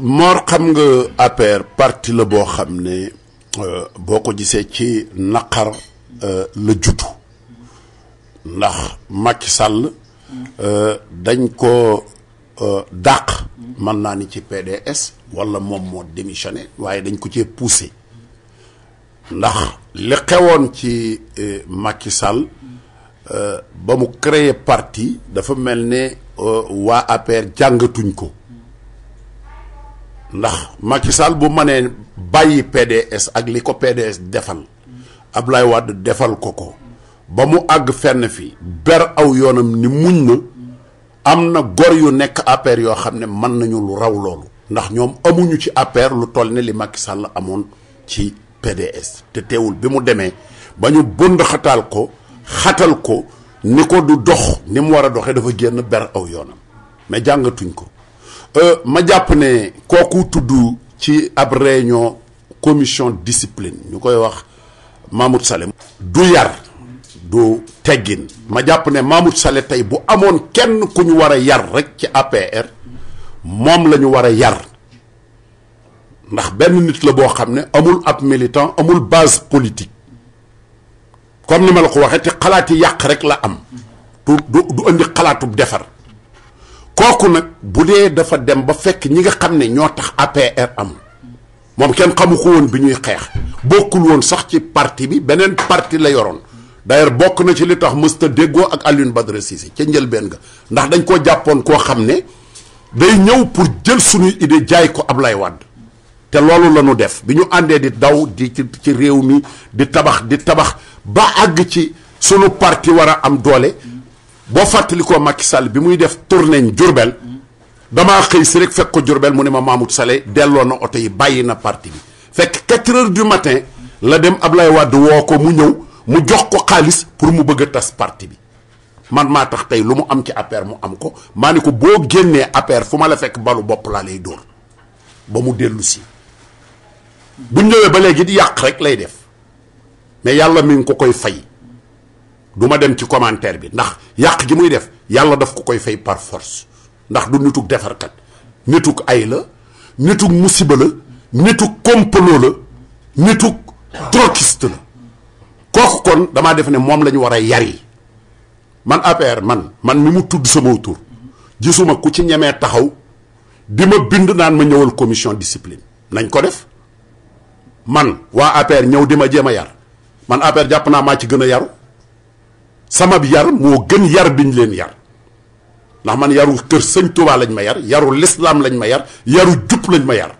Mor xam nga APR partie la boo xam ne euh, boo ko gisee ci naqar euh, la juddu ndax Macky Sall euh, dañ ko dàq mën naa ni ci PDS walla moom moo démissionné waaye dañ ko ci poussé ndax li xewoon ci Macky sàll ba mu créer parti dafa mel ne waa APR jàngatuñ ko ndax Macky Sall bu mënee bàyyi PDS ak li ko PDS defal Ablaye wàdd defal ko ko ba mu àgg fenn fi ber aw yoonam ni muñ na am na gor yu nekk APR yoo xam ne mën nañu lu raw loolu ndax ñoom amuñu ci APR lu toll ne li Macky Sall amoon ci PDS te teewul bi mu demee ba ñu bënd ko xatal ko ni ko du dox ni mu war a doxee dafa génn ber aw yoonam mais jàngatuñ ko Euh, ma jàpp ne kooku tudd ci ab réunion commission discipline ñu koy wax Mahmoud Saleh du yar du teggin ma jàpp ne Mahmoud sale tey bu amoon kenn ku ñu war a yar rek ci APR moom la ñu war a yar ndax benn nit la boo xam ne amul ab militant amul base politique comme ni ma la ko waxee te xalaati yàq rek la am du du indi xalaatub defar kooku nag bu dee dafa dem ba fekk ñi nga xam ne ñoo tax APR am moom kenn xamu ko woon bi ñuy xeex bokkul woon sax ci parti bi beneen parti la yoroon d'ailleurs bokk na ci li tax mësta déggoo ak Alioune Badara Cissé ca njëlbeen ga ndax dañ ko jàppoon koo xam ne day ñëw pour jël suñuy idée jaay ko Ablaye Wade te loolu lañu def bi ñu àndee di daw di ci réew mi di tabax di tabax ba àgg ci sunu parti war a am doole boo fàttali fàttalikoo Macky Sall bi muy def tournée Diourbel damaa xëy si rek fekk ko Diourbel mu ne ma Mahmoud Saleh delloo na oto yi bàyyi na parti bi fekk 4 heures du matin la dem ab Ablaye wàdd woo ko mu ñëw mu jox ko xaalis pour mu bëgg a tas parti bi man maa tax tey lu mu am ci APR mu am ko maa ni ko boo génnee APR fu ma la fekk balu bopp laa lay dóor ba mu dellu si bu ñëwee ba léegi di yàq rek lay def mais yàlla mi ngi ko koy fay. du ma dem ci commentaire bi ndax yàq gi muy def yàlla daf ko koy fay par force ndax du nitug defarkat nitug ay la nitug musiba la nitug complot la nitug trotskiste la kooku kon damaa defe ne moom la ñu war a yar yi man APR man man mi mu tudd sama tur gisuma ku ci ñemee taxaw di ma bind naan ma ñëwal commission discipline nañ ko def man waa APR ñëw di ma jéem a yar man APR jàpp naa maa ci gën a yaru sama yar moo gën yar bi ñu leen yar ndax man yaru kër sëñ Tuubaa lañ ma yar yaru lislaam lañ ma yar yaru jub lañ ma yar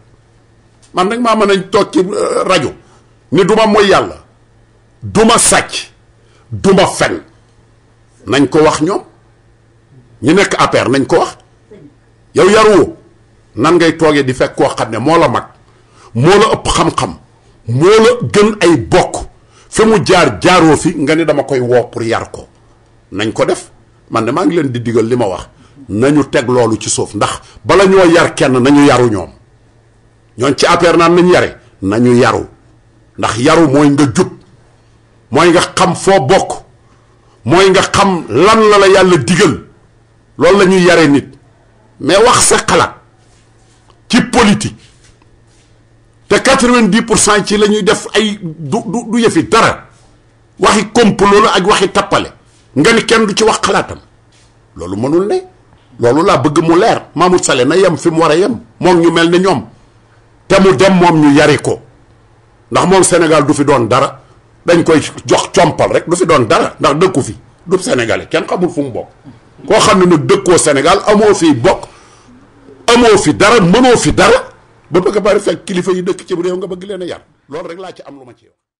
man nag ma mën a toog ci euh, rajo ni duma mooy yàlla duma sàcc duma fen nañ ko wax ñoom ñu nekk APR nañ ko wax yow yaruwoo nan ngay toogee di fekk koo xam ne moo la mag moo la ëpp xam-xam moo la gën ay bokk fa mu jaar jaaroo fi nga ne dama koy woo pour yar ko nañ ko def man de maa ngi leen di diggal li ma wax nañu teg loolu ci suuf ndax bala ñoo yar kenn nañu yaru ñoom ñooñ ci APR naan nañ yare nañu yaru ndax yaru mooy nga jut mooy nga xam foo bokk mooy nga xam lan la la yàlla digal loolu la ñuy yare nit mais wax sa xalaat ci politique te quatre vingt pour cent ci la ñuy def ay du du yëfi dara waxi complot la ak waxi tappale nga ni kenn du ci wax xalaatam loolu mënul ne loolu laa bëgg mu leer Mahmoud Saleh na yem fi mu war a yem moom ñu mel ne ñoom te mu dem moom ñu yari ko ndax moom Sénégal du fi doon dara dañ koy jox compal rek du fi doon dara ndax dëkku fi du Sénégalais kenn xamul fu mu bokk koo xam ne nag dëkkoo senegal amoo fi bokk amoo fi dara mënoo fi dara ba bëgg a bari fekk kilifa yi dëkk ci réew nga bëgg leen a yar loolu rek laa ci am lu ma ci wax